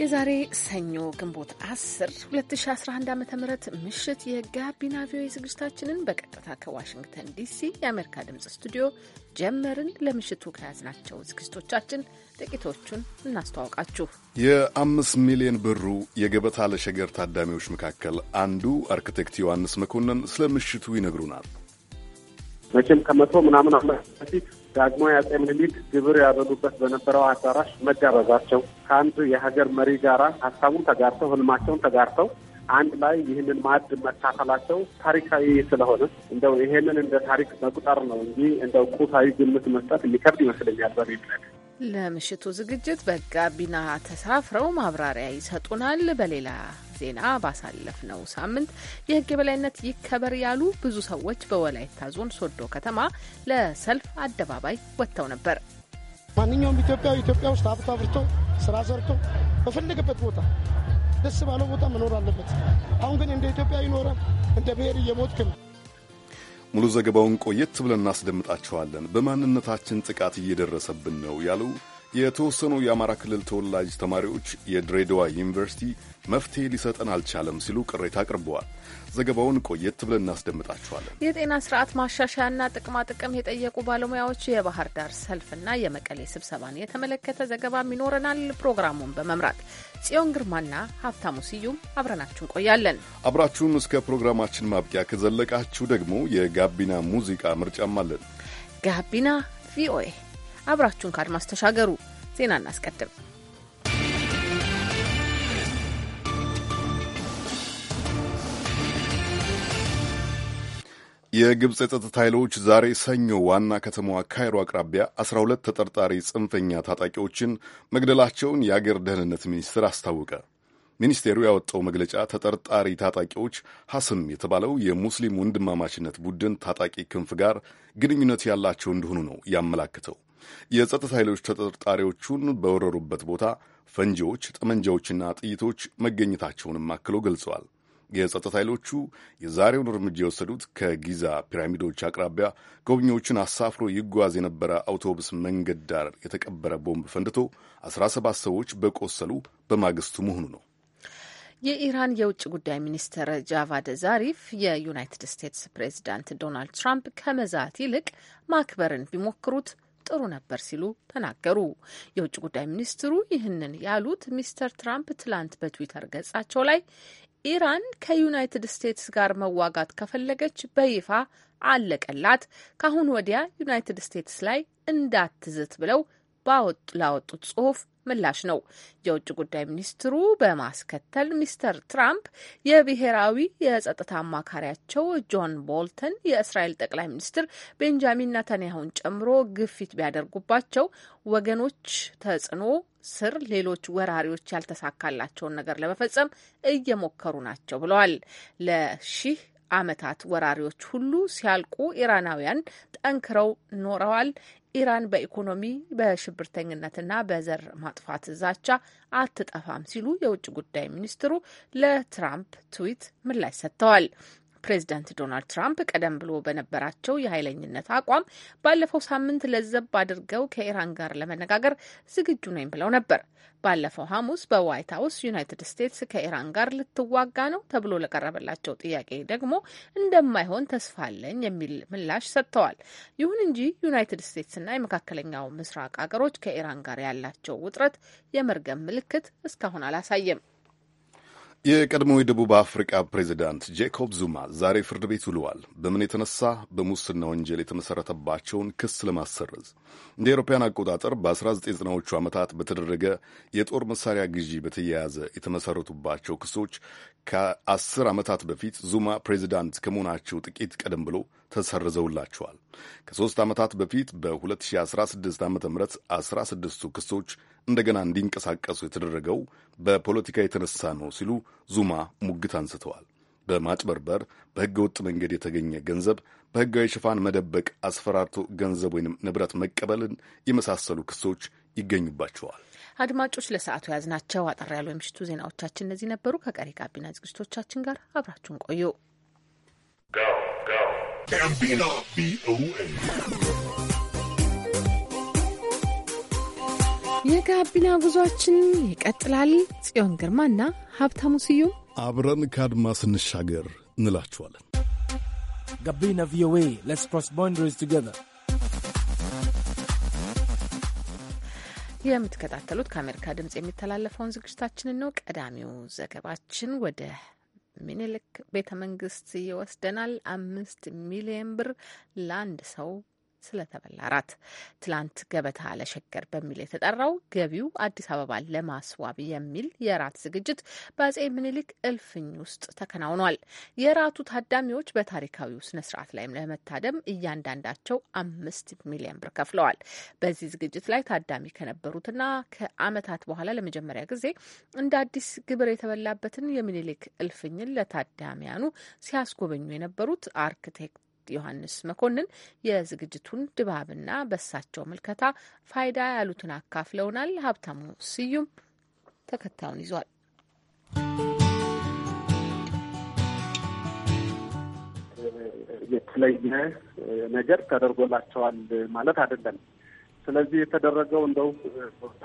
የዛሬ ሰኞ ግንቦት 10 2011 ዓ ም ምሽት የጋቢና ቪኦኤ ዝግጅታችንን በቀጥታ ከዋሽንግተን ዲሲ የአሜሪካ ድምፅ ስቱዲዮ ጀመርን። ለምሽቱ ከያዝናቸው ዝግጅቶቻችን ጥቂቶቹን እናስተዋውቃችሁ። የአምስት ሚሊዮን ብሩ የገበታ ለሸገር ታዳሚዎች መካከል አንዱ አርክቴክት ዮሐንስ መኮንን ስለ ምሽቱ ይነግሩናል። መቼም ከመቶ ምናምን በፊት ዳግሞ የአጼ ምኒልክ ግብር ያበሉበት በነበረው አዳራሽ መጋበዛቸው ከአንድ የሀገር መሪ ጋራ ሀሳቡን ተጋርተው ህልማቸውን ተጋርተው አንድ ላይ ይህንን ማዕድ መካፈላቸው ታሪካዊ ስለሆነ እንደው ይሄንን እንደ ታሪክ መቁጠር ነው እንጂ እንደው ቁሳዊ ግምት መስጠት የሚከብድ ይመስለኛል። በቤት ለምሽቱ ዝግጅት በጋቢና ተሳፍረው ማብራሪያ ይሰጡናል። በሌላ ዜና ባሳለፍነው ሳምንት የሕግ የበላይነት ይከበር ያሉ ብዙ ሰዎች በወላይታ ዞን ሶዶ ከተማ ለሰልፍ አደባባይ ወጥተው ነበር። ማንኛውም ኢትዮጵያ ኢትዮጵያ ውስጥ ሀብት አፍርቶ ስራ ሰርቶ በፈለገበት ቦታ ደስ ባለው ቦታ መኖር አለበት። አሁን ግን እንደ ኢትዮጵያ ይኖረ እንደ ብሔር እየሞትክ ነው። ሙሉ ዘገባውን ቆየት ብለን እናስደምጣችኋለን። በማንነታችን ጥቃት እየደረሰብን ነው ያሉ የተወሰኑ የአማራ ክልል ተወላጅ ተማሪዎች የድሬዳዋ ዩኒቨርሲቲ መፍትሄ ሊሰጠን አልቻለም ሲሉ ቅሬታ አቅርበዋል። ዘገባውን ቆየት ብለን እናስደምጣችኋለን። የጤና ስርዓት ማሻሻያና ጥቅማ ጥቅም የጠየቁ ባለሙያዎች የባህር ዳር ሰልፍና የመቀሌ ስብሰባን የተመለከተ ዘገባም ይኖረናል። ፕሮግራሙን በመምራት ጽዮን ግርማና ሀብታሙ ስዩም አብረናችሁ እንቆያለን። አብራችሁን እስከ ፕሮግራማችን ማብቂያ ከዘለቃችሁ ደግሞ የጋቢና ሙዚቃ ምርጫም አለን። ጋቢና ቪኦኤ አብራችሁን ከአድማስ ተሻገሩ። ዜና እናስቀድም። የግብፅ የጸጥታ ኃይሎች ዛሬ ሰኞ ዋና ከተማዋ ካይሮ አቅራቢያ 12 ተጠርጣሪ ጽንፈኛ ታጣቂዎችን መግደላቸውን የአገር ደህንነት ሚኒስትር አስታወቀ። ሚኒስቴሩ ያወጣው መግለጫ ተጠርጣሪ ታጣቂዎች ሐስም የተባለው የሙስሊም ወንድማማችነት ቡድን ታጣቂ ክንፍ ጋር ግንኙነት ያላቸው እንደሆኑ ነው ያመላክተው። የጸጥታ ኃይሎች ተጠርጣሪዎቹን በወረሩበት ቦታ ፈንጂዎች፣ ጠመንጃዎችና ጥይቶች መገኘታቸውንም አክሎ ገልጸዋል። የጸጥታ ኃይሎቹ የዛሬውን እርምጃ የወሰዱት ከጊዛ ፒራሚዶች አቅራቢያ ጎብኚዎችን አሳፍሮ ይጓዝ የነበረ አውቶቡስ መንገድ ዳር የተቀበረ ቦምብ ፈንድቶ 17 ሰዎች በቆሰሉ በማግስቱ መሆኑ ነው። የኢራን የውጭ ጉዳይ ሚኒስትር ጃቫድ ዛሪፍ የዩናይትድ ስቴትስ ፕሬዚዳንት ዶናልድ ትራምፕ ከመዛት ይልቅ ማክበርን ቢሞክሩት ጥሩ ነበር ሲሉ ተናገሩ። የውጭ ጉዳይ ሚኒስትሩ ይህንን ያሉት ሚስተር ትራምፕ ትላንት በትዊተር ገጻቸው ላይ ኢራን ከዩናይትድ ስቴትስ ጋር መዋጋት ከፈለገች በይፋ አለቀላት፣ ካሁን ወዲያ ዩናይትድ ስቴትስ ላይ እንዳትዝት ብለው ላወጡት ጽሑፍ ምላሽ ነው። የውጭ ጉዳይ ሚኒስትሩ በማስከተል ሚስተር ትራምፕ የብሔራዊ የጸጥታ አማካሪያቸው ጆን ቦልተን የእስራኤል ጠቅላይ ሚኒስትር ቤንጃሚን ነታንያሁን ጨምሮ ግፊት ቢያደርጉባቸው ወገኖች ተጽዕኖ ስር ሌሎች ወራሪዎች ያልተሳካላቸውን ነገር ለመፈጸም እየሞከሩ ናቸው ብለዋል። ለሺህ ዓመታት ወራሪዎች ሁሉ ሲያልቁ ኢራናውያን ጠንክረው ኖረዋል። ኢራን በኢኮኖሚ በሽብርተኝነትና በዘር ማጥፋት ዛቻ አትጠፋም ሲሉ የውጭ ጉዳይ ሚኒስትሩ ለትራምፕ ትዊት ምላሽ ሰጥተዋል። ፕሬዚዳንት ዶናልድ ትራምፕ ቀደም ብሎ በነበራቸው የኃይለኝነት አቋም ባለፈው ሳምንት ለዘብ አድርገው ከኢራን ጋር ለመነጋገር ዝግጁ ነኝ ብለው ነበር። ባለፈው ሐሙስ በዋይት ሀውስ ዩናይትድ ስቴትስ ከኢራን ጋር ልትዋጋ ነው ተብሎ ለቀረበላቸው ጥያቄ ደግሞ እንደማይሆን ተስፋ አለኝ የሚል ምላሽ ሰጥተዋል። ይሁን እንጂ ዩናይትድ ስቴትስና የመካከለኛው ምስራቅ ሀገሮች ከኢራን ጋር ያላቸው ውጥረት የመርገም ምልክት እስካሁን አላሳየም። የቀድሞ የደቡብ አፍሪካ ፕሬዚዳንት ጄኮብ ዙማ ዛሬ ፍርድ ቤት ውለዋል። በምን የተነሳ በሙስና ወንጀል የተመሠረተባቸውን ክስ ለማሰረዝ እንደ አውሮፓውያን አቆጣጠር በ1990ዎቹ ዓመታት በተደረገ የጦር መሳሪያ ግዢ በተያያዘ የተመሠረቱባቸው ክሶች ከአስር ዓመታት በፊት ዙማ ፕሬዚዳንት ከመሆናቸው ጥቂት ቀደም ብሎ ተሰርዘውላቸዋል። ከሦስት ዓመታት በፊት በ2016 ዓ ም 16ቱ ክሶች እንደገና እንዲንቀሳቀሱ የተደረገው በፖለቲካ የተነሳ ነው ሲሉ ዙማ ሙግት አንስተዋል። በማጭበርበር በሕገ ወጥ መንገድ የተገኘ ገንዘብ በሕጋዊ ሽፋን መደበቅ፣ አስፈራርቶ ገንዘብ ወይም ንብረት መቀበልን የመሳሰሉ ክሶች ይገኙባቸዋል። አድማጮች ለሰዓቱ የያዝናቸው አጠር ያሉ የምሽቱ ዜናዎቻችን እነዚህ ነበሩ። ከቀሪ ጋቢና ዝግጅቶቻችን ጋር አብራችሁን ቆዩ። የጋቢና ጉዟችን ይቀጥላል። ጽዮን ግርማና ሀብታሙ ስዩም አብረን ከአድማ ስንሻገር እንላችኋለን። ጋቢና ቪኦኤ ሌትስ ክሮስ ቦንደሪስ ቱጌዘር የምትከታተሉት ከአሜሪካ ድምጽ የሚተላለፈውን ዝግጅታችንን ነው። ቀዳሚው ዘገባችን ወደ ሚኒልክ ቤተ መንግስት ይወስደናል። አምስት ሚሊየን ብር ለአንድ ሰው ስለተበላ ራት ትላንት ገበታ ለሸገር በሚል የተጠራው ገቢው አዲስ አበባን ለማስዋብ የሚል የራት ዝግጅት በአጼ ምኒልክ እልፍኝ ውስጥ ተከናውኗል። የራቱ ታዳሚዎች በታሪካዊው ስነ ስርዓት ላይም ለመታደም እያንዳንዳቸው አምስት ሚሊዮን ብር ከፍለዋል። በዚህ ዝግጅት ላይ ታዳሚ ከነበሩትና ከዓመታት በኋላ ለመጀመሪያ ጊዜ እንደ አዲስ ግብር የተበላበትን የሚኒሊክ እልፍኝን ለታዳሚያኑ ሲያስጎበኙ የነበሩት አርክቴክት ዮሐንስ መኮንን የዝግጅቱን ድባብና በሳቸው ምልከታ ፋይዳ ያሉትን አካፍለውናል። ሀብታሙ ስዩም ተከታዩን ይዟል። የተለየ ነገር ተደርጎላቸዋል ማለት አይደለም። ስለዚህ የተደረገው እንደው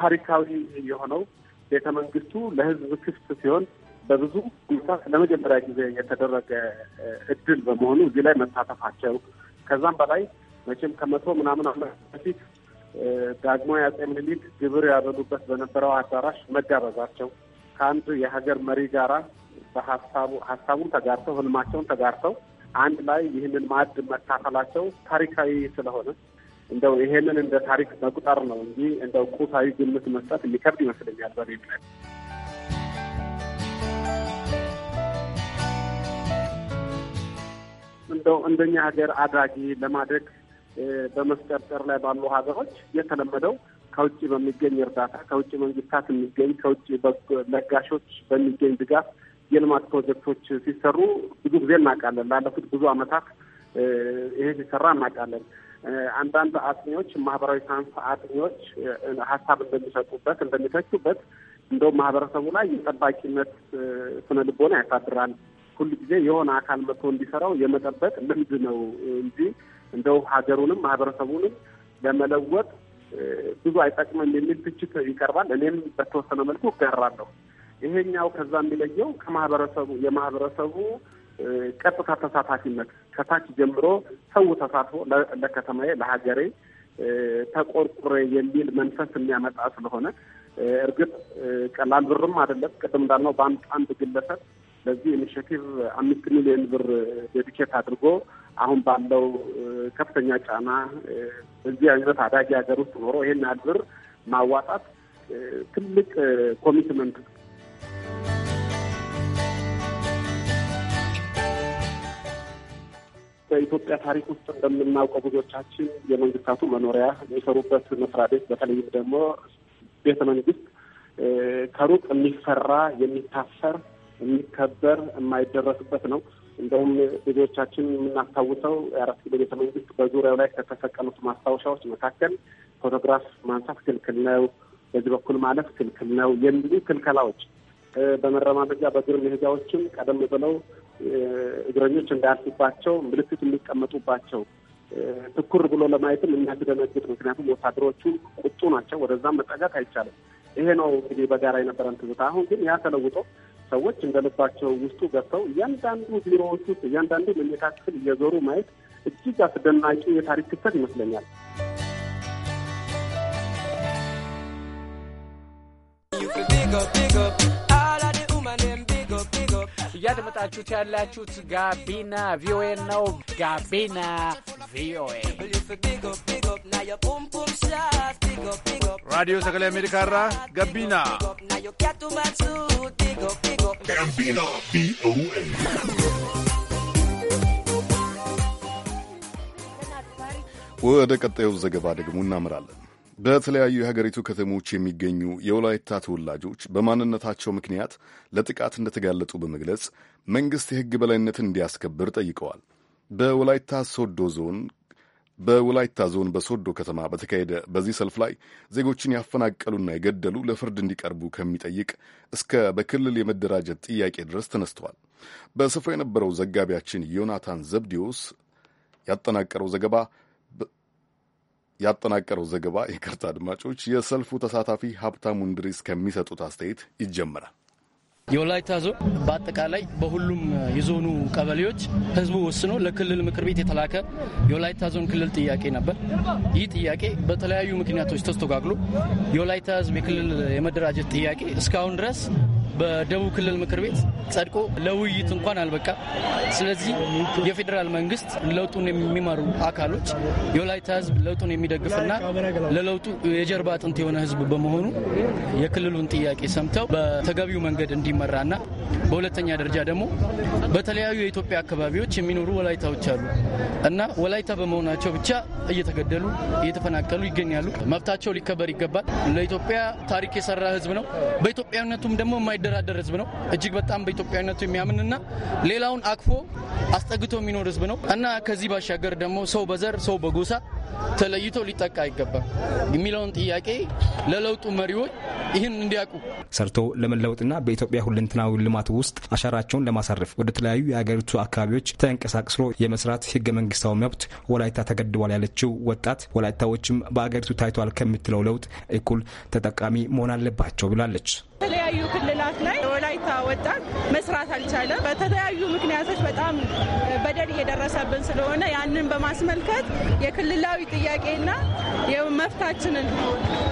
ታሪካዊ የሆነው ቤተ መንግስቱ ለህዝብ ክፍት ሲሆን በብዙ ሁኔታ ለመጀመሪያ ጊዜ የተደረገ እድል በመሆኑ እዚህ ላይ መሳተፋቸው ከዛም በላይ መቼም ከመቶ ምናምን ዓመት በፊት ዳግማዊ አጼ ምኒልክ ግብር ያበሉበት በነበረው አዳራሽ መጋበዛቸው ከአንድ የሀገር መሪ ጋራ በሀሳቡ ሀሳቡን ተጋርተው ህልማቸውን ተጋርተው አንድ ላይ ይህንን ማዕድ መካፈላቸው ታሪካዊ ስለሆነ እንደው ይሄንን እንደ ታሪክ መቁጠር ነው እንጂ እንደው ቁሳዊ ግምት መስጠት የሚከብድ ይመስለኛል በኔ እንደው እንደኛ ሀገር አድራጊ ለማድረግ በመስጠርጠር ላይ ባሉ ሀገሮች የተለመደው ከውጭ በሚገኝ እርዳታ ከውጭ መንግስታት የሚገኝ ከውጭ ለጋሾች በሚገኝ ድጋፍ የልማት ፕሮጀክቶች ሲሰሩ ብዙ ጊዜ እናውቃለን። ላለፉት ብዙ ዓመታት ይሄ ሲሰራ እናውቃለን። አንዳንድ አጥኚዎች፣ ማህበራዊ ሳይንስ አጥኚዎች ሀሳብ እንደሚሰጡበት እንደሚተቹበት እንደውም ማህበረሰቡ ላይ የጠባቂነት ስነ ልቦና ያሳድራል ሁል ጊዜ የሆነ አካል መጥቶ እንዲሰራው የመጠበቅ ልምድ ነው እንጂ እንደው ሀገሩንም ማህበረሰቡንም ለመለወጥ ብዙ አይጠቅምም የሚል ትችት ይቀርባል። እኔም በተወሰነ መልኩ እጋራለሁ። ይሄኛው ከዛ የሚለየው ከማህበረሰቡ የማህበረሰቡ ቀጥታ ተሳታፊነት ከታች ጀምሮ ሰው ተሳትፎ ለከተማዬ፣ ለሀገሬ ተቆርቁሬ የሚል መንፈስ የሚያመጣ ስለሆነ እርግጥ ቀላል ብርም አይደለም። ቅድም እንዳልነው በአንድ አንድ ግለሰብ ለዚህ ኢኒሽቲቭ አምስት ሚሊዮን ብር ዴዲኬት አድርጎ አሁን ባለው ከፍተኛ ጫና በዚህ አይነት አዳጊ ሀገር ውስጥ ኖሮ ይሄን ያህል ብር ማዋጣት ትልቅ ኮሚትመንት በኢትዮጵያ ታሪክ ውስጥ እንደምናውቀው ብዙዎቻችን የመንግስታቱ መኖሪያ የሚሰሩበት መስሪያ ቤት በተለይም ደግሞ ቤተ መንግስት ከሩቅ የሚፈራ የሚታሰር የሚከበር የማይደረስበት ነው። እንደውም ልጆቻችን የምናስታውሰው የአራት ኪሎ ቤተ መንግስት በዙሪያው ላይ ከተሰቀሉት ማስታወሻዎች መካከል ፎቶግራፍ ማንሳት ክልክል ነው፣ በዚህ በኩል ማለፍ ክልክል ነው የሚሉ ክልከላዎች በመረማመጃ በእግር መሄጃዎችም ቀደም ብለው እግረኞች እንዳያልፉባቸው ምልክት የሚቀመጡባቸው ትኩር ብሎ ለማየትም የሚያስደነግጥ ምክንያቱም ወታደሮቹ ቁጡ ናቸው። ወደዛም መጠጋት አይቻልም። ይሄ ነው እንግዲህ በጋራ የነበረን ትዝታ። አሁን ግን ያ ተለውጦ ሰዎች እንደልባቸው ውስጡ ገብተው እያንዳንዱ ቢሮዎች ውስጥ እያንዳንዱ መኝታ ክፍል እየዞሩ ማየት እጅግ አስደናቂ የታሪክ ክስተት ይመስለኛል። እያደመጣችሁት ያላችሁት ጋቢና ቪኦኤ ነው። ጋቢና ቪኦኤ ራዲዮ ሰገላ አሜሪካ ራ ጋቢና Gambino ቪኦኤ ወደ ቀጣዩ ዘገባ ደግሞ እናምራለን። በተለያዩ የሀገሪቱ ከተሞች የሚገኙ የወላይታ ተወላጆች በማንነታቸው ምክንያት ለጥቃት እንደተጋለጡ በመግለጽ መንግሥት የሕግ በላይነትን እንዲያስከብር ጠይቀዋል። በወላይታ ሶዶ ዞን በወላይታ ዞን በሶዶ ከተማ በተካሄደ በዚህ ሰልፍ ላይ ዜጎችን ያፈናቀሉና የገደሉ ለፍርድ እንዲቀርቡ ከሚጠይቅ እስከ በክልል የመደራጀት ጥያቄ ድረስ ተነስተዋል። በስፍራው የነበረው ዘጋቢያችን ዮናታን ዘብዲዎስ ያጠናቀረው ዘገባ ያጠናቀረው ዘገባ ይቅርታ አድማጮች፣ የሰልፉ ተሳታፊ ሀብታሙ እንድሪስ ከሚሰጡት አስተያየት ይጀምራል። የወላይታ ዞን በአጠቃላይ በሁሉም የዞኑ ቀበሌዎች ህዝቡ ወስኖ ለክልል ምክር ቤት የተላከ የወላይታ ዞን ክልል ጥያቄ ነበር። ይህ ጥያቄ በተለያዩ ምክንያቶች ተስተጓግሎ የወላይታ ህዝብ የክልል የመደራጀት ጥያቄ እስካሁን ድረስ በደቡብ ክልል ምክር ቤት ጸድቆ ለውይይት እንኳን አልበቃ። ስለዚህ የፌዴራል መንግስት ለውጡን የሚመሩ አካሎች የወላይታ ህዝብ ለውጡን የሚደግፍና ለለውጡ የጀርባ አጥንት የሆነ ህዝብ በመሆኑ የክልሉን ጥያቄ ሰምተው በተገቢው መንገድ እንዲመራና በሁለተኛ ደረጃ ደግሞ በተለያዩ የኢትዮጵያ አካባቢዎች የሚኖሩ ወላይታዎች አሉ እና ወላይታ በመሆናቸው ብቻ እየተገደሉ እየተፈናቀሉ ይገኛሉ። መብታቸው ሊከበር ይገባል። ለኢትዮጵያ ታሪክ የሰራ ህዝብ ነው። በኢትዮጵያዊነቱም ደግሞ የማይ የማይደራደር ህዝብ ነው። እጅግ በጣም በኢትዮጵያዊነቱ የሚያምንና ሌላውን አቅፎ አስጠግቶ የሚኖር ህዝብ ነው እና ከዚህ ባሻገር ደግሞ ሰው በዘር ሰው በጎሳ ተለይቶ ሊጠቃ አይገባም የሚለውን ጥያቄ ለለውጡ መሪዎች ይህን እንዲያውቁ ሰርቶ ለመለወጥና በኢትዮጵያ ሁለንተናዊ ልማት ውስጥ አሻራቸውን ለማሳረፍ ወደ ተለያዩ የሀገሪቱ አካባቢዎች ተንቀሳቅሶ የመስራት ህገ መንግስታዊ መብት ወላይታ ተገድቧል ያለችው ወጣት ወላይታዎችም በአገሪቱ ታይቷል ከምትለው ለውጥ እኩል ተጠቃሚ መሆን አለባቸው ብላለች። በተለያዩ ክልላት ላይ የወላይታ ወጣት መስራት አልቻለም። በተለያዩ ምክንያቶች በጣም በደል እየደረሰብን ስለሆነ ያንን በማስመልከት የክልላዊ ጥያቄና የመፍታችንን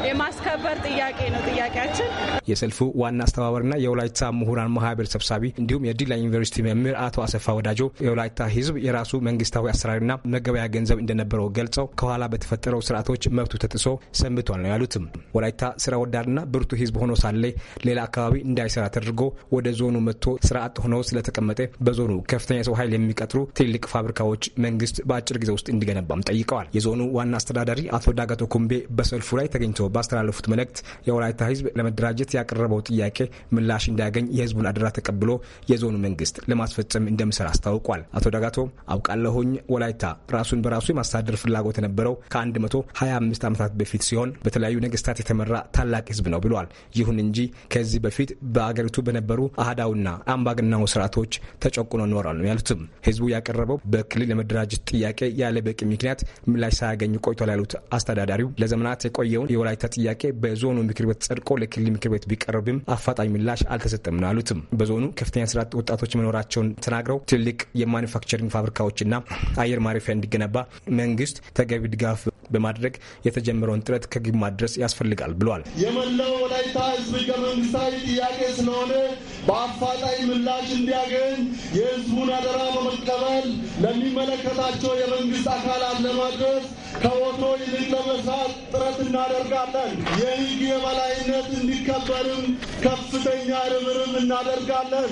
የማስከበር ጥያቄ ነው ጥያቄያችን። የሰልፉ ዋና አስተባባሪና የወላይታ ምሁራን ማህበር ሰብሳቢ እንዲሁም የዲላ ዩኒቨርሲቲ መምህር አቶ አሰፋ ወዳጆ የወላይታ ህዝብ የራሱ መንግስታዊ አሰራርና መገበያ ገንዘብ እንደነበረው ገልጸው ከኋላ በተፈጠረው ስርዓቶች መብቱ ተጥሶ ሰንብቷል ነው ያሉትም። ወላይታ ስራ ወዳድና ብርቱ ህዝብ ሆኖ ሳለ ሌላ አካባቢ እንዳይሰራ ተደርጎ አድርጎ ወደ ዞኑ መጥቶ ስራ አጥ ሆኖ ስለተቀመጠ በዞኑ ከፍተኛ ሰው ኃይል የሚቀጥሩ ትልልቅ ፋብሪካዎች መንግስት በአጭር ጊዜ ውስጥ እንዲገነባም ጠይቀዋል። የዞኑ ዋና አስተዳዳሪ አቶ ዳጋቶ ኩምቤ በሰልፉ ላይ ተገኝተው ባስተላለፉት መልእክት የወላይታ ህዝብ ለመደራጀት ያቀረበው ጥያቄ ምላሽ እንዲያገኝ የህዝቡን አደራ ተቀብሎ የዞኑ መንግስት ለማስፈጸም እንደሚሰራ አስታውቋል። አቶ ዳጋቶ አውቃለሁኝ ወላይታ ራሱን በራሱ የማስተዳደር ፍላጎት የነበረው ከ125 ዓመታት በፊት ሲሆን በተለያዩ ነገስታት የተመራ ታላቅ ህዝብ ነው ብሏል። ይሁን እንጂ ከዚህ በፊት በአገሪቱ በነበሩ አህዳውና አምባገነናዊ ስርዓቶች ተጨቁኖ ኖሯል ነው ያሉትም። ህዝቡ ያቀረበው በክልል የመደራጀት ጥያቄ ያለ በቂ ምክንያት ምላሽ ሳያገኙ ቆይቷል ያሉት አስተዳዳሪው ለዘመናት የቆየውን የወላይታ ጥያቄ በዞኑ ምክር ቤት ጸድቆ ለክልል ምክር ቤት ቢቀርብም አፋጣኝ ምላሽ አልተሰጠም ነው ያሉትም። በዞኑ ከፍተኛ ስርዓት ወጣቶች መኖራቸውን ተናግረው ትልቅ የማኒፋክቸሪንግ ፋብሪካዎችና አየር ማረፊያ እንዲገነባ መንግስት ተገቢ ድጋፍ በማድረግ የተጀመረውን ጥረት ከግብ ማድረስ ያስፈልጋል ብሏል። የመላው ወላይታ ህዝብ ህገ መንግስታዊ ጥያቄ ስለሆነ በአፋጣኝ ምላሽ እንዲያገኝ የህዝቡን አደራ በመቀበል ለሚመለከታቸው የመንግስት አካላት ለማድረስ ከወትሮ ይልቅ ለመስራት ጥረት እናደርጋለን። የህግ የበላይነት እንዲከበርም ከፍተኛ ርብርብ እናደርጋለን።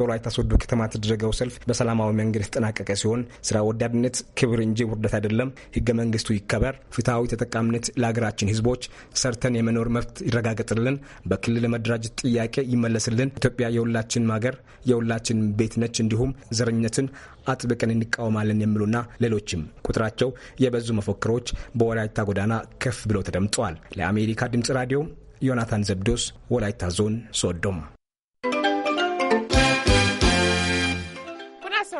በወላይታ ሶዶ ከተማ የተደረገው ሰልፍ በሰላማዊ መንገድ የተጠናቀቀ ሲሆን ስራ ወዳድነት ክብር እንጂ ውርደት አይደለም፣ ህገ መንግስቱ ይከበር፣ ፍትሐዊ ተጠቃሚነት ለሀገራችን ህዝቦች፣ ሰርተን የመኖር መብት ይረጋገጥልን፣ በክልል መደራጀት ጥያቄ ይመለስልን፣ ኢትዮጵያ የሁላችን ሀገር የሁላችን ቤት ነች፣ እንዲሁም ዘረኝነትን አጥብቀን እንቃወማለን የሚሉና ሌሎችም ቁጥራቸው የበዙ መፈክሮች በወላይታ ጎዳና ከፍ ብለው ተደምጠዋል። ለአሜሪካ ድምጽ ራዲዮ ዮናታን ዘብዶስ ወላይታ ዞን ሶዶም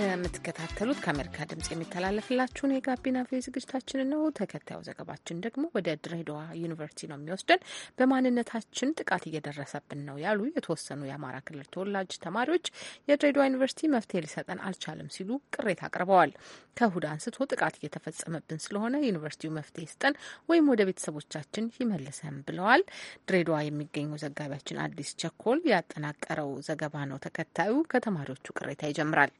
የምትከታተሉት ከአሜሪካ ድምጽ የሚተላለፍላችሁን የጋቢና ቪ ዝግጅታችንን ነው። ተከታዩ ዘገባችን ደግሞ ወደ ድሬዳዋ ዩኒቨርሲቲ ነው የሚወስደን። በማንነታችን ጥቃት እየደረሰብን ነው ያሉ የተወሰኑ የአማራ ክልል ተወላጅ ተማሪዎች የድሬዳዋ ዩኒቨርሲቲ መፍትሄ ሊሰጠን አልቻለም ሲሉ ቅሬታ አቅርበዋል። ከእሁድ አንስቶ ጥቃት እየተፈጸመብን ስለሆነ ዩኒቨርሲቲው መፍትሄ ስጠን ወይም ወደ ቤተሰቦቻችን ይመልሰን ብለዋል። ድሬዳዋ የሚገኘው ዘጋቢያችን አዲስ ቸኮል ያጠናቀረው ዘገባ ነው። ተከታዩ ከተማሪዎቹ ቅሬታ ይጀምራል።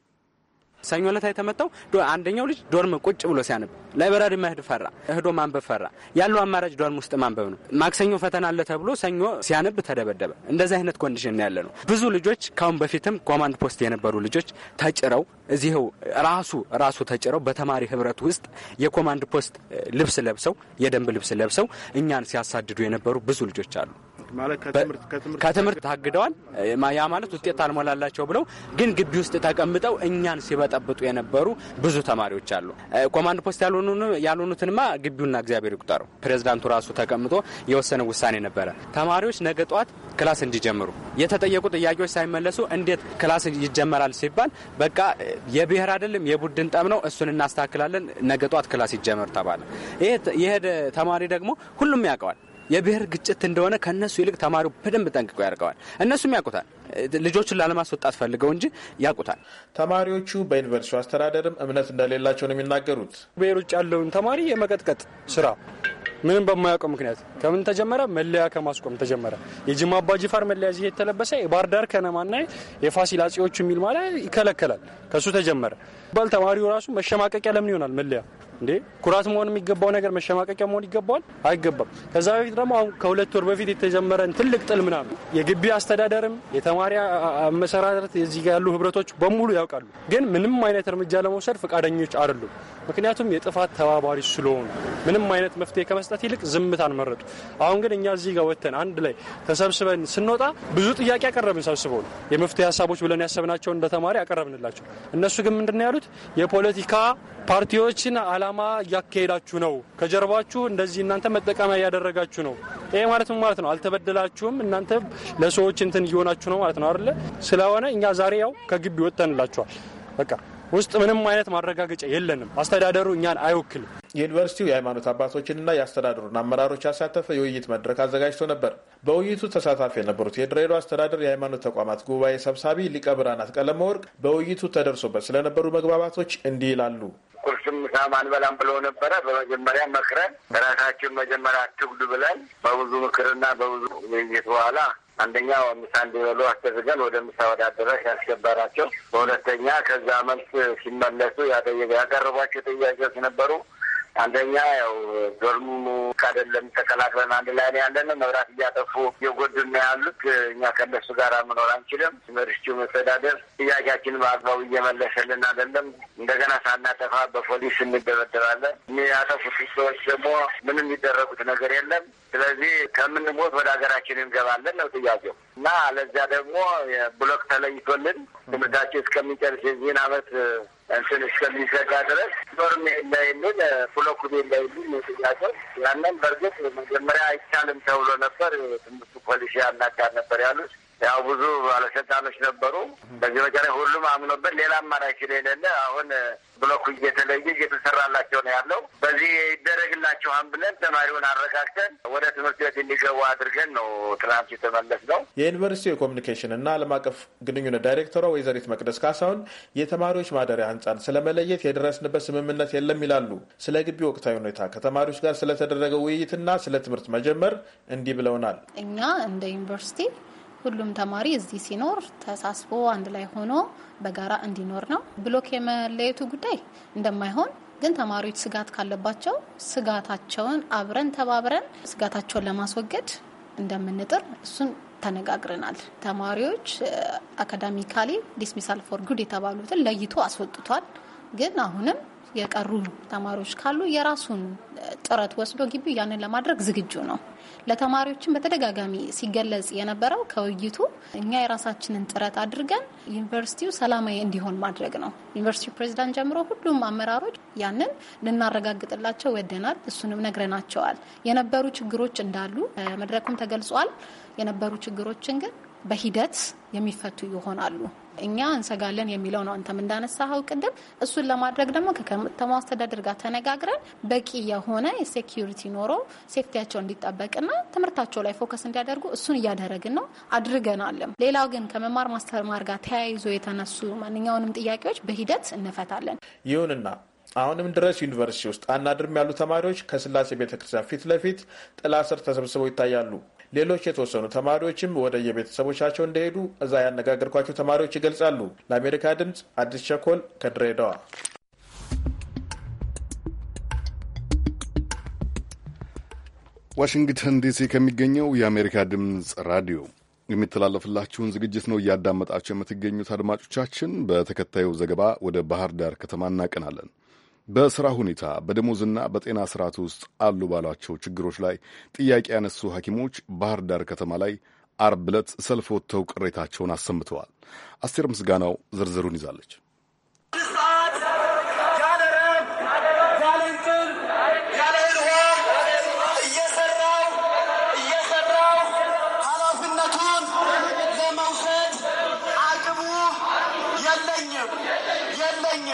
ሰኞ ዕለት የተመታው አንደኛው ልጅ ዶርም ቁጭ ብሎ ሲያነብ ላይበራሪ መሄድ ፈራ፣ እህዶ ማንበብ ፈራ። ያለው አማራጭ ዶርም ውስጥ ማንበብ ነው። ማክሰኞ ፈተና አለ ተብሎ ሰኞ ሲያነብ ተደበደበ። እንደዚህ አይነት ኮንዲሽን ያለ ነው። ብዙ ልጆች ካሁን በፊትም ኮማንድ ፖስት የነበሩ ልጆች ተጭረው እዚህው ራሱ ራሱ ተጭረው በተማሪ ህብረት ውስጥ የኮማንድ ፖስት ልብስ ለብሰው የደንብ ልብስ ለብሰው እኛን ሲያሳድዱ የነበሩ ብዙ ልጆች አሉ። ከትምህርት ታግደዋል። ያ ማለት ውጤት አልሞላላቸው ብለው ግን ግቢ ውስጥ ተቀምጠው እኛን ሲበጠብጡ የነበሩ ብዙ ተማሪዎች አሉ። ኮማንድ ፖስት ያልሆኑትንማ ግቢውና እግዚአብሔር ይቁጠረው። ፕሬዚዳንቱ ራሱ ተቀምጦ የወሰነ ውሳኔ ነበረ። ተማሪዎች ነገ ጠዋት ክላስ እንዲጀምሩ የተጠየቁ ጥያቄዎች ሳይመለሱ እንዴት ክላስ ይጀመራል ሲባል በቃ የብሔር አይደለም የቡድን ጠብ ነው፣ እሱን እናስተካክላለን፣ ነገ ጠዋት ክላስ ይጀመር ተባለ። ይሄ ተማሪ ደግሞ ሁሉም ያውቀዋል የብሔር ግጭት እንደሆነ ከእነሱ ይልቅ ተማሪው በደንብ ጠንቅቆ ያደርገዋል። እነሱም ያውቁታል። ልጆቹን ላለማስወጣት ፈልገው እንጂ ያውቁታል። ተማሪዎቹ በዩኒቨርሲቲ አስተዳደርም እምነት እንደሌላቸው ነው የሚናገሩት። ብሔር ውጭ ያለውን ተማሪ የመቀጥቀጥ ስራ ምንም በማያውቀው ምክንያት ከምን ተጀመረ? መለያ ከማስቆም ተጀመረ። የጅማ አባጅፋር መለያ ዚህ የተለበሰ የባህርዳር ዳር ከነማና የፋሲል አጼዎቹ የሚል ማለ ይከለከላል። ከሱ ተጀመረ ባል ተማሪው ራሱ መሸማቀቂያ ለምን ይሆናል መለያ እንዴ ኩራት መሆን የሚገባው ነገር መሸማቀቂያ መሆን ይገባዋል? አይገባም። ከዛ በፊት ደግሞ አሁን ከሁለት ወር በፊት የተጀመረን ትልቅ ጥል ምናምን የግቢ አስተዳደርም የተማሪ መሰራረት እዚህ ያሉ ህብረቶች በሙሉ ያውቃሉ፣ ግን ምንም አይነት እርምጃ ለመውሰድ ፈቃደኞች አይደሉም። ምክንያቱም የጥፋት ተባባሪ ስለሆኑ ምንም አይነት መፍትሄ ከመስጠት ይልቅ ዝምታን መረጡ። አሁን ግን እኛ እዚህ ጋር ወጥተን አንድ ላይ ተሰብስበን ስንወጣ ብዙ ጥያቄ አቀረብን። ሰብስበው የመፍትሄ ሀሳቦች ብለን ያሰብናቸው እንደ ተማሪ አቀረብንላቸው። እነሱ ግን ምንድን ነው ያሉት የፖለቲካ ፓርቲዎችን አላ ዓላማ እያካሄዳችሁ ነው። ከጀርባችሁ እንደዚህ እናንተ መጠቀሚያ እያደረጋችሁ ነው። ይሄ ማለት ማለት ነው? አልተበደላችሁም እናንተ ለሰዎች እንትን እየሆናችሁ ነው ማለት ነው አይደለ? ስለሆነ እኛ ዛሬ ያው ከግቢ ወጥተንላችኋል። በቃ ውስጥ ምንም አይነት ማረጋገጫ የለንም። አስተዳደሩ እኛን አይወክልም። ዩኒቨርሲቲው የሃይማኖት አባቶችንና የአስተዳደሩን አመራሮች ያሳተፈ የውይይት መድረክ አዘጋጅቶ ነበር። በውይይቱ ተሳታፊ የነበሩት የድሬዳዋ አስተዳደር የሃይማኖት ተቋማት ጉባኤ ሰብሳቢ ሊቀ ብርሃናት ቀለመወርቅ በውይይቱ ተደርሶበት ስለነበሩ መግባባቶች እንዲህ ይላሉ። ሳም አንበላም ብለው ነበረ። በመጀመሪያ መክረን ራሳችን መጀመሪያ አትጉዱ ብለን በብዙ ምክርና በብዙ ውይይት በኋላ አንደኛ ምሳ እንዲበሉ አስደርገን ወደ ምሳ ወደ አዳራሽ ያስገባናቸው፣ በሁለተኛ ከዛ መልስ ሲመለሱ ያቀረቧቸው ጥያቄዎች ነበሩ። አንደኛ ያው ዶርሙ ካደለም ተቀላቅለን አንድ ላይ ነው ያለን። መብራት እያጠፉ እየጎዱን ያሉት። እኛ ከነሱ ጋር መኖር አንችልም። መሪስቹ መስተዳደር ጥያቄያችን በአግባቡ እየመለሰልን አይደለም። እንደገና ሳናጠፋ በፖሊስ እንደበደባለን። ያጠፉት ሰዎች ደግሞ ምንም የሚደረጉት ነገር የለም። ስለዚህ ከምንሞት ወደ ሀገራችን እንገባለን ነው ጥያቄው። እና ለዚያ ደግሞ የብሎክ ተለይቶልን ትምህርታቸው እስከሚጨርስ የዚህን አመት እንትን እስከሚዘጋ ድረስ ዶርም እንዳይሉን ብሎክ እንዳይሉን ጥያቄ ያንን በእርግጥ መጀመሪያ አይቻልም ተብሎ ነበር። ትምህርቱ ፖሊሲ ያናጋር ነበር ያሉት ያው ብዙ ባለስልጣኖች ነበሩ። በዚህ መጨረሻ ሁሉም አምኖበት ሌላ አማራጭ ስለሌለ አሁን ብሎኩ እየተለየ እየተሰራላቸው ነው ያለው። በዚህ ይደረግላቸዋል ብለን ተማሪውን አረጋግተን ወደ ትምህርት ቤት እንዲገቡ አድርገን ነው ትናንት የተመለስ ነው። የዩኒቨርሲቲ የኮሚኒኬሽን እና ዓለም አቀፍ ግንኙነት ዳይሬክተሯ ወይዘሪት መቅደስ ካሳሁን የተማሪዎች ማደሪያ ህንፃን ስለመለየት የደረስንበት ስምምነት የለም ይላሉ። ስለ ግቢ ወቅታዊ ሁኔታ ከተማሪዎች ጋር ስለተደረገ ውይይትና ስለ ትምህርት መጀመር እንዲህ ብለውናል። እኛ እንደ ዩኒቨርሲቲ ሁሉም ተማሪ እዚህ ሲኖር ተሳስቦ አንድ ላይ ሆኖ በጋራ እንዲኖር ነው። ብሎክ የመለየቱ ጉዳይ እንደማይሆን ግን ተማሪዎች ስጋት ካለባቸው ስጋታቸውን አብረን ተባብረን ስጋታቸውን ለማስወገድ እንደምንጥር እሱን ተነጋግረናል። ተማሪዎች አካዳሚካሊ ዲስሚሳል ፎር ጉድ የተባሉትን ለይቶ አስወጥቷል። ግን አሁንም የቀሩ ተማሪዎች ካሉ የራሱን ጥረት ወስዶ ግቢው ያንን ለማድረግ ዝግጁ ነው። ለተማሪዎችን በተደጋጋሚ ሲገለጽ የነበረው ከውይይቱ እኛ የራሳችንን ጥረት አድርገን ዩኒቨርሲቲው ሰላማዊ እንዲሆን ማድረግ ነው። ዩኒቨርሲቲ ፕሬዚዳንት ጀምሮ ሁሉም አመራሮች ያንን ልናረጋግጥላቸው ወደናል። እሱንም ነግረናቸዋል። የነበሩ ችግሮች እንዳሉ መድረኩም ተገልጿል። የነበሩ ችግሮችን ግን በሂደት የሚፈቱ ይሆናሉ። እኛ እንሰጋለን የሚለው ነው አንተም እንዳነሳኸው ቅድም። እሱን ለማድረግ ደግሞ ከከተማው አስተዳደር ጋር ተነጋግረን በቂ የሆነ የሴኪሪቲ ኖሮ ሴፍቲያቸው እንዲጠበቅና ትምህርታቸው ላይ ፎከስ እንዲያደርጉ እሱን እያደረግን ነው፣ አድርገናልም። ሌላው ግን ከመማር ማስተማር ጋር ተያይዞ የተነሱ ማንኛውንም ጥያቄዎች በሂደት እንፈታለን። ይሁንና አሁንም ድረስ ዩኒቨርሲቲ ውስጥ አናድርም ያሉ ተማሪዎች ከስላሴ ቤተክርስቲያን ፊት ለፊት ጥላ ስር ተሰብስበው ይታያሉ። ሌሎች የተወሰኑ ተማሪዎችም ወደ የቤተሰቦቻቸው እንደሄዱ እዛ ያነጋገርኳቸው ተማሪዎች ይገልጻሉ። ለአሜሪካ ድምፅ አዲስ ቸኮል ከድሬዳዋ። ዋሽንግተን ዲሲ ከሚገኘው የአሜሪካ ድምፅ ራዲዮ የሚተላለፍላችሁን ዝግጅት ነው እያዳመጣችሁ የምትገኙት አድማጮቻችን። በተከታዩ ዘገባ ወደ ባህር ዳር ከተማ እናቀናለን። በስራ ሁኔታ በደሞዝና በጤና ስርዓት ውስጥ አሉ ባሏቸው ችግሮች ላይ ጥያቄ ያነሱ ሐኪሞች ባህር ዳር ከተማ ላይ አርብ ዕለት ሰልፍ ወጥተው ቅሬታቸውን አሰምተዋል። አስቴር ምስጋናው ዝርዝሩን ይዛለች።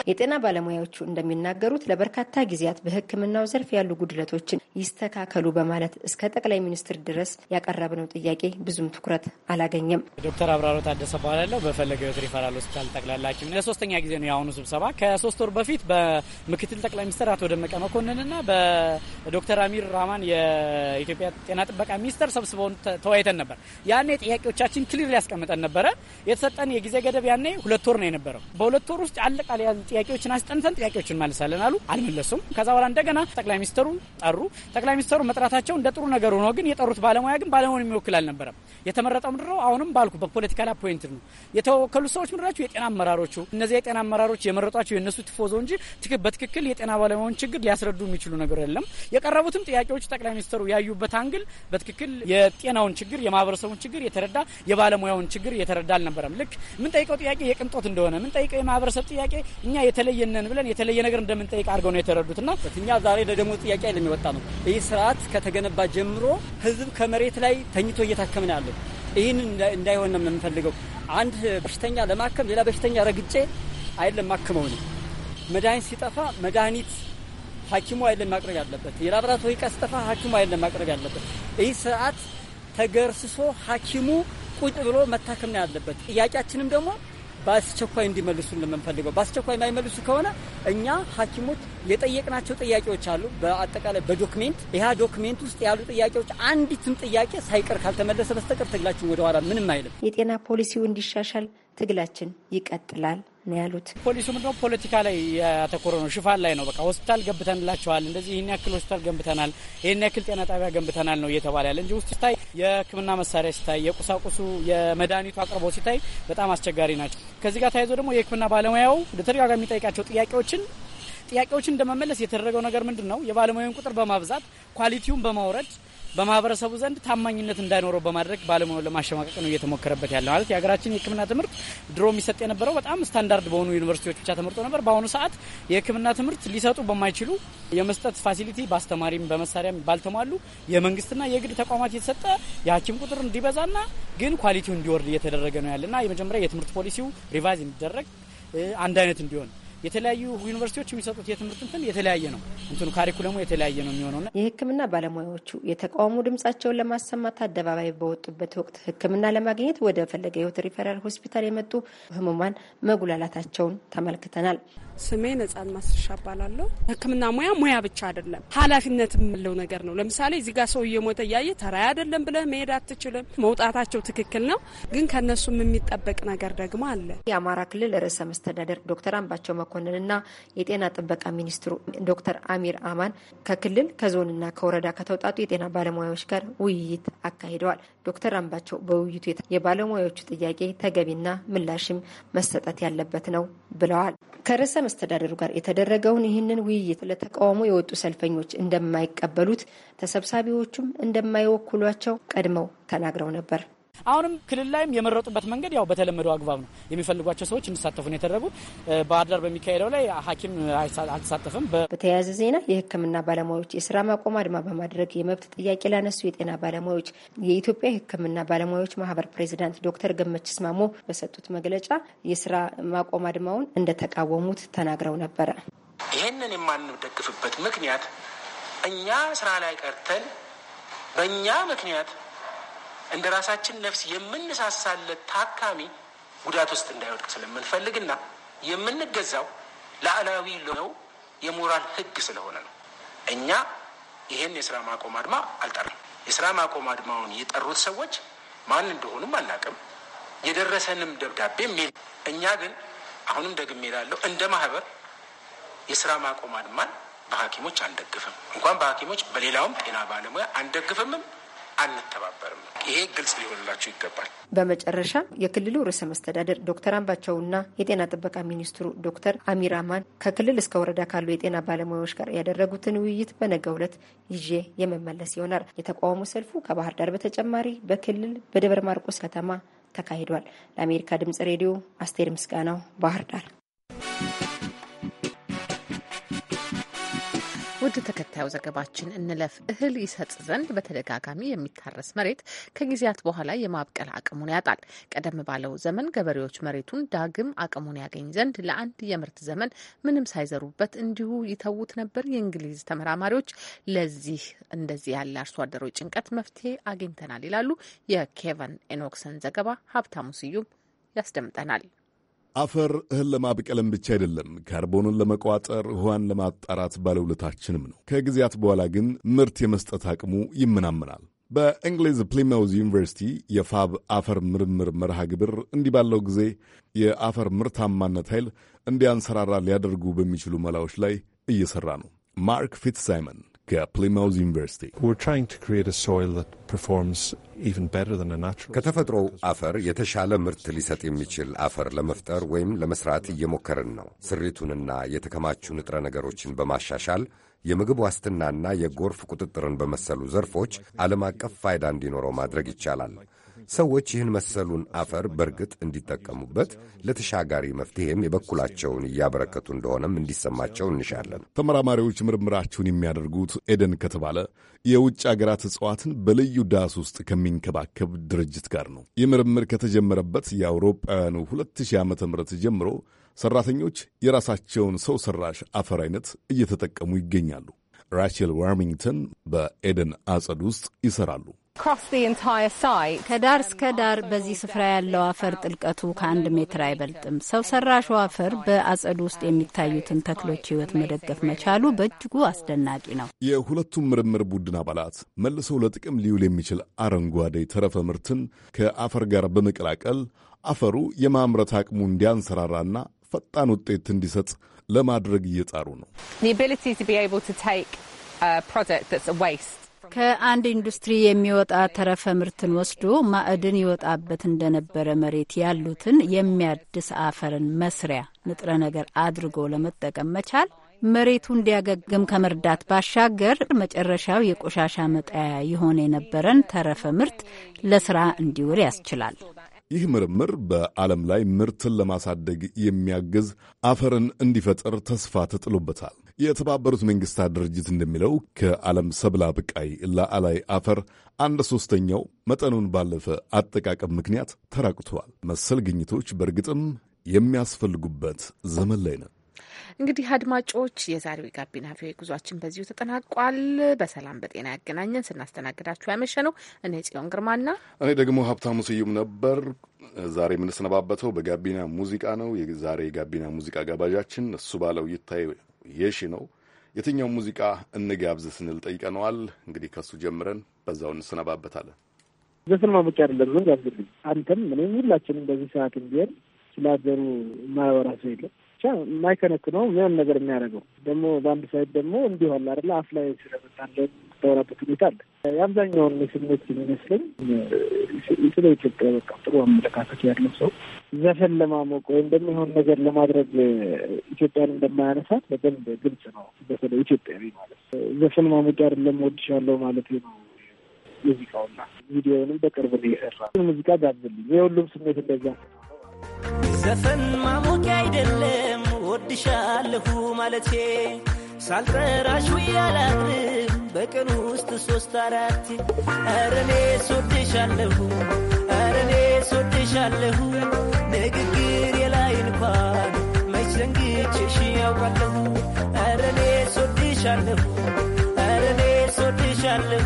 የጤና ባለሙያዎቹ እንደሚናገሩት ለበርካታ ጊዜያት በሕክምናው ዘርፍ ያሉ ጉድለቶችን ይስተካከሉ በማለት እስከ ጠቅላይ ሚኒስትር ድረስ ያቀረብነው ጥያቄ ብዙም ትኩረት አላገኘም። ዶክተር አብራሮ ታደሰ እባላለሁ። በፈለገ ሕይወት ሪፈራል ሆስፒታል ጠቅላላ ሐኪም። ለሶስተኛ ጊዜ ነው የአሁኑ ስብሰባ። ከሶስት ወር በፊት በምክትል ጠቅላይ ሚኒስትር አቶ ደመቀ መኮንንና በዶክተር አሚር ራማን የኢትዮጵያ ጤና ጥበቃ ሚኒስትር ሰብስበውን ተወያይተን ነበር። ያኔ ጥያቄዎቻችን ክሊር ሊያስቀምጠን ነበረ። የተሰጠን የጊዜ ገደብ ያኔ ሁለት ወር ነው የነበረው። በሁለት ወር ውስጥ አለቃ ጥያቄዎችን አስጠንተን ጥያቄዎችን መልሳለን አሉ። አልመለሱም። ከዛ በኋላ እንደገና ጠቅላይ ሚኒስትሩ ጠሩ። ጠቅላይ ሚኒስትሩ መጥራታቸው እንደ ጥሩ ነገር ሆኖ ግን የጠሩት ባለሙያ ግን ባለሙያን የሚወክል አልነበረም። የተመረጠው ምድሮ አሁንም ባልኩ በፖለቲካል አፖይንት ነው የተወከሉ ሰዎች ምድራቸው የጤና አመራሮቹ እነዚህ የጤና አመራሮች የመረጧቸው የእነሱ ትፎዞ እንጂ በትክክል የጤና ባለሙያውን ችግር ሊያስረዱ የሚችሉ ነገር የለም። የቀረቡትም ጥያቄዎች ጠቅላይ ሚኒስትሩ ያዩበት አንግል በትክክል የጤናውን ችግር የማህበረሰቡን ችግር የተረዳ የባለሙያውን ችግር የተረዳ አልነበረም። ልክ የምንጠይቀው ጥያቄ የቅንጦት እንደሆነ የምንጠይቀው የማህበረሰብ ጥያቄ እኛ የተለየነን ብለን የተለየ ነገር እንደምንጠይቅ አድርገው ነው የተረዱት። ና እኛ ዛሬ ለደሞዝ ጥያቄ አይደለም የወጣ ነው። ይህ ስርዓት ከተገነባ ጀምሮ ህዝብ ከመሬት ላይ ተኝቶ እየታከም ነው ያለው። ይህን እንዳይሆን ነው የምንፈልገው። አንድ በሽተኛ ለማከም ሌላ በሽተኛ ረግጬ አይደለም ማክመው ነው። መድኃኒት ሲጠፋ መድኃኒት ሐኪሙ አይደለም ማቅረብ ያለበት። የላብራቶሪ ዕቃ ሲጠፋ ሐኪሙ አይደለም ማቅረብ ያለበት። ይህ ስርዓት ተገርስሶ ሐኪሙ ቁጭ ብሎ መታከም ነው ያለበት። ጥያቄያችንም ደግሞ በአስቸኳይ እንዲመልሱን ነው በአስቸኳይ የማይመልሱ ከሆነ እኛ ሐኪሞች የጠየቅናቸው ጥያቄዎች አሉ። በአጠቃላይ በዶክሜንት ይህ ዶክሜንት ውስጥ ያሉ ጥያቄዎች አንዲትም ጥያቄ ሳይቀር ካልተመለሰ በስተቀር ትግላችን ወደኋላ ምንም አይልም። የጤና ፖሊሲው እንዲሻሻል ትግላችን ይቀጥላል ነው ያሉት። ፖሊሱ ምንድነው ፖለቲካ ላይ ያተኮረ ነው፣ ሽፋን ላይ ነው። በቃ ሆስፒታል ገንብተንላቸዋል፣ እንደዚህ ይህን ያክል ሆስፒታል ገንብተናል፣ ይህን ያክል ጤና ጣቢያ ገንብተናል ነው እየተባለ ያለ እንጂ ውስጥ ሲታይ የህክምና መሳሪያ ሲታይ፣ የቁሳቁሱ የመድኃኒቱ አቅርቦ ሲታይ በጣም አስቸጋሪ ናቸው። ከዚህ ጋር ተያይዞ ደግሞ የህክምና ባለሙያው በተደጋጋሚ የሚጠይቃቸው ጥያቄዎችን ጥያቄዎችን እንደመመለስ የተደረገው ነገር ምንድን ነው? የባለሙያውን ቁጥር በማብዛት ኳሊቲውን በማውረድ በማህበረሰቡ ዘንድ ታማኝነት እንዳይኖረው በማድረግ ባለሙያውን ለማሸማቀቅ ነው እየተሞከረበት ያለ ማለት የሀገራችን የህክምና ትምህርት ድሮ የሚሰጥ የነበረው በጣም ስታንዳርድ በሆኑ ዩኒቨርሲቲዎች ብቻ ተመርጦ ነበር። በአሁኑ ሰዓት የህክምና ትምህርት ሊሰጡ በማይችሉ የመስጠት ፋሲሊቲ በአስተማሪም በመሳሪያም ባልተሟሉ የመንግስትና የግድ ተቋማት የተሰጠ የሐኪም ቁጥር እንዲበዛና ግን ኳሊቲው እንዲወርድ እየተደረገ ነው ያለና የመጀመሪያ የትምህርት ፖሊሲው ሪቫይዝ እንዲደረግ አንድ አይነት እንዲሆን የተለያዩ ዩኒቨርሲቲዎች የሚሰጡት የትምህርት እንትን የተለያየ ነው። እንትኑ ካሪኩለሙ የተለያየ ነው የሚሆነውና የሕክምና ባለሙያዎቹ የተቃውሞ ድምጻቸውን ለማሰማት አደባባይ በወጡበት ወቅት ሕክምና ለማግኘት ወደ ፈለገ ሕይወት ሪፈራል ሆስፒታል የመጡ ህሙማን መጉላላታቸውን ተመልክተናል። ስሜ ነጻን ማስረሻ እባላለሁ። ሕክምና ሙያ ሙያ ብቻ አይደለም ኃላፊነትም ያለው ነገር ነው። ለምሳሌ እዚህ ጋር ሰው እየሞተ እያየ ተራ አይደለም ብለህ መሄድ አትችልም። መውጣታቸው ትክክል ነው፣ ግን ከእነሱም የሚጠበቅ ነገር ደግሞ አለ። የአማራ ክልል ርዕሰ መስተዳደር ዶክተር አምባቸው መኮንንና የጤና ጥበቃ ሚኒስትሩ ዶክተር አሚር አማን ከክልል ከዞንና ከወረዳ ከተውጣጡ የጤና ባለሙያዎች ጋር ውይይት አካሂደዋል። ዶክተር አምባቸው በውይይቱ የባለሙያዎቹ ጥያቄ ተገቢና ምላሽም መሰጠት ያለበት ነው ብለዋል። ከርዕሰ መስተዳደሩ ጋር የተደረገውን ይህንን ውይይት ለተቃውሞ የወጡ ሰልፈኞች እንደማይቀበሉት ተሰብሳቢዎቹም እንደማይወክሏቸው ቀድመው ተናግረው ነበር። አሁንም ክልል ላይም የመረጡበት መንገድ ያው በተለመደው አግባብ ነው። የሚፈልጓቸው ሰዎች እንዲሳተፉ ነው የተደረጉ። ባህር ዳር በሚካሄደው ላይ ሐኪም አልተሳተፈም። በተያያዘ ዜና የሕክምና ባለሙያዎች የስራ ማቆም አድማ በማድረግ የመብት ጥያቄ ላነሱ የጤና ባለሙያዎች የኢትዮጵያ የሕክምና ባለሙያዎች ማህበር ፕሬዚዳንት ዶክተር ገመችስ ማሞ በሰጡት መግለጫ የስራ ማቆም አድማውን እንደተቃወሙት ተናግረው ነበረ። ይህንን የማንደግፍበት ምክንያት እኛ ስራ ላይ ቀርተን በእኛ ምክንያት እንደ ራሳችን ነፍስ የምንሳሳለት ታካሚ ጉዳት ውስጥ እንዳይወድቅ ስለምንፈልግና የምንገዛው ላዕላዊ ለው የሞራል ህግ ስለሆነ ነው። እኛ ይህን የስራ ማቆም አድማ አልጠራም። የስራ ማቆም አድማውን የጠሩት ሰዎች ማን እንደሆኑም አናቅም። የደረሰንም ደብዳቤ የሚል እኛ ግን አሁንም ደግሜ እላለሁ እንደ ማህበር የስራ ማቆም አድማን በሐኪሞች አንደግፍም። እንኳን በሐኪሞች በሌላውም ጤና ባለሙያ አንደግፍምም። አንተባበርም። ይሄ ግልጽ ሊሆንላቸው ይገባል። በመጨረሻ የክልሉ ርዕሰ መስተዳደር ዶክተር አምባቸውና የጤና ጥበቃ ሚኒስትሩ ዶክተር አሚር አማን ከክልል እስከ ወረዳ ካሉ የጤና ባለሙያዎች ጋር ያደረጉትን ውይይት በነገ ዕለት ይዤ የመመለስ ይሆናል። የተቃውሞ ሰልፉ ከባህር ዳር በተጨማሪ በክልል በደብረ ማርቆስ ከተማ ተካሂዷል። ለአሜሪካ ድምጽ ሬዲዮ አስቴር ምስጋናው ባህር ዳር። ወደ ተከታዩ ዘገባችን እንለፍ። እህል ይሰጥ ዘንድ በተደጋጋሚ የሚታረስ መሬት ከጊዜያት በኋላ የማብቀል አቅሙን ያጣል። ቀደም ባለው ዘመን ገበሬዎች መሬቱን ዳግም አቅሙን ያገኝ ዘንድ ለአንድ የምርት ዘመን ምንም ሳይዘሩበት እንዲሁ ይተዉት ነበር። የእንግሊዝ ተመራማሪዎች ለዚህ እንደዚህ ያለ አርሶ አደሮች ጭንቀት መፍትሄ አግኝተናል ይላሉ። የኬቨን ኤኖክሰን ዘገባ ሀብታሙ ስዩም ያስደምጠናል። አፈር እህል ለማብቀልም ብቻ አይደለም፣ ካርቦንን ለመቋጠር ውሃን ለማጣራት ባለውለታችንም ነው። ከጊዜያት በኋላ ግን ምርት የመስጠት አቅሙ ይመናመናል። በእንግሊዝ ፕሊማውዝ ዩኒቨርሲቲ የፋብ አፈር ምርምር መርሃ ግብር እንዲህ ባለው ጊዜ የአፈር ምርታማነት ኃይል እንዲያንሰራራ ሊያደርጉ በሚችሉ መላዎች ላይ እየሰራ ነው። ማርክ ፊትሳይመን ከፕሊማውዝ uh, ከተፈጥሮው አፈር የተሻለ ምርት ሊሰጥ የሚችል አፈር ለመፍጠር ወይም ለመስራት እየሞከርን ነው። ስሪቱንና የተከማቹ ንጥረ ነገሮችን በማሻሻል የምግብ ዋስትናና የጎርፍ ቁጥጥርን በመሰሉ ዘርፎች ዓለም አቀፍ ፋይዳ እንዲኖረው ማድረግ ይቻላል። ሰዎች ይህን መሰሉን አፈር በእርግጥ እንዲጠቀሙበት ለተሻጋሪ መፍትሄም የበኩላቸውን እያበረከቱ እንደሆነም እንዲሰማቸው እንሻለን። ተመራማሪዎች ምርምራቸውን የሚያደርጉት ኤደን ከተባለ የውጭ አገራት እጽዋትን በልዩ ዳስ ውስጥ ከሚንከባከብ ድርጅት ጋር ነው። ይህ ምርምር ከተጀመረበት የአውሮፓውያኑ 2000 ዓ ም ጀምሮ ሰራተኞች የራሳቸውን ሰው ሰራሽ አፈር አይነት እየተጠቀሙ ይገኛሉ። ራቸል ዋርሚንግተን በኤደን አጸድ ውስጥ ይሰራሉ። ከዳር እስከ ዳር በዚህ ስፍራ ያለው አፈር ጥልቀቱ ከአንድ ሜትር አይበልጥም። ሰው ሰራሹ አፈር በአጸዱ ውስጥ የሚታዩትን ተክሎች ሕይወት መደገፍ መቻሉ በእጅጉ አስደናቂ ነው። የሁለቱም ምርምር ቡድን አባላት መልሰው ለጥቅም ሊውል የሚችል አረንጓዴ ተረፈ ምርትን ከአፈር ጋር በመቀላቀል አፈሩ የማምረት አቅሙ እንዲያንሰራራና ፈጣን ውጤት እንዲሰጥ ለማድረግ እየጣሩ ነው። ከአንድ ኢንዱስትሪ የሚወጣ ተረፈ ምርትን ወስዶ ማዕድን ይወጣበት እንደነበረ መሬት ያሉትን የሚያድስ አፈርን መስሪያ ንጥረ ነገር አድርጎ ለመጠቀም መቻል መሬቱ እንዲያገግም ከመርዳት ባሻገር መጨረሻው የቆሻሻ መጣያ የሆነ የነበረን ተረፈ ምርት ለስራ እንዲውል ያስችላል። ይህ ምርምር በዓለም ላይ ምርትን ለማሳደግ የሚያግዝ አፈርን እንዲፈጠር ተስፋ ተጥሎበታል። የተባበሩት መንግስታት ድርጅት እንደሚለው ከዓለም ሰብል አብቃይ ላዕላይ አፈር አንድ ሶስተኛው መጠኑን ባለፈ አጠቃቀም ምክንያት ተራቁተዋል። መሰል ግኝቶች በእርግጥም የሚያስፈልጉበት ዘመን ላይ ነው። እንግዲህ አድማጮች፣ የዛሬው የጋቢና ቪኦኤ ጉዟችን በዚሁ ተጠናቋል። በሰላም በጤና ያገናኘን። ስናስተናግዳችሁ ያመሸ ነው እኔ ጽዮን ግርማና እኔ ደግሞ ሀብታሙ ስዩም ነበር። ዛሬ የምንሰነባበተው በጋቢና ሙዚቃ ነው። የዛሬ የጋቢና ሙዚቃ ጋባዣችን እሱ ባለው ይታይ የሺ ነው። የትኛው ሙዚቃ እንጋብዝ ስንል ጠይቀነዋል። እንግዲህ ከሱ ጀምረን በዛው እንሰነባበታለን። ዘፈን ማሞቂ አይደለም ጋብዝልኝ። አንተም እኔም ሁላችንም በዚህ ሰዓት ቢሆን ስላዘሩ አገሩ ማያወራ ሰው የለም። ብቻ የማይከነክ ነው ምንም ነገር የሚያደርገው ደግሞ በአንድ ሳይት ደግሞ እንዲሁ አለ አይደለ አፍ ላይ ስለመጣለ ተወራበት ሁኔታ አለ። የአብዛኛውን ስሜት የሚመስለኝ ስለ ኢትዮጵያ በቃ ጥሩ አመለካከት ያለው ሰው ዘፈን ለማሞቅ ወይም ደግሞ የሆን ነገር ለማድረግ ኢትዮጵያን እንደማያነሳት በደንብ ግልጽ ነው። በተለይ ኢትዮጵያዊ ማለት ዘፈን ማሞቅ አይደለም ወድሻለሁ ማለት ነው። ሙዚቃውና ቪዲዮውንም በቅርብ ነው የሰራ ሙዚቃ ጋብልኝ የሁሉም ስሜት እንደዛ ዘፈን ማሞቂያ አይደለም ወድሻለሁ ማለቴ ሳልጠራሽ ውዬ በቀን ውስጥ ሶስት አራት አረኔ ሶድሻለሁ አረኔ ሶድሻለሁ ንግግር የላይ እንኳን መች ዘንግቼሽ ያውቃለሁ አረኔ ሶድሻለሁ አረኔ ሶድሻለሁ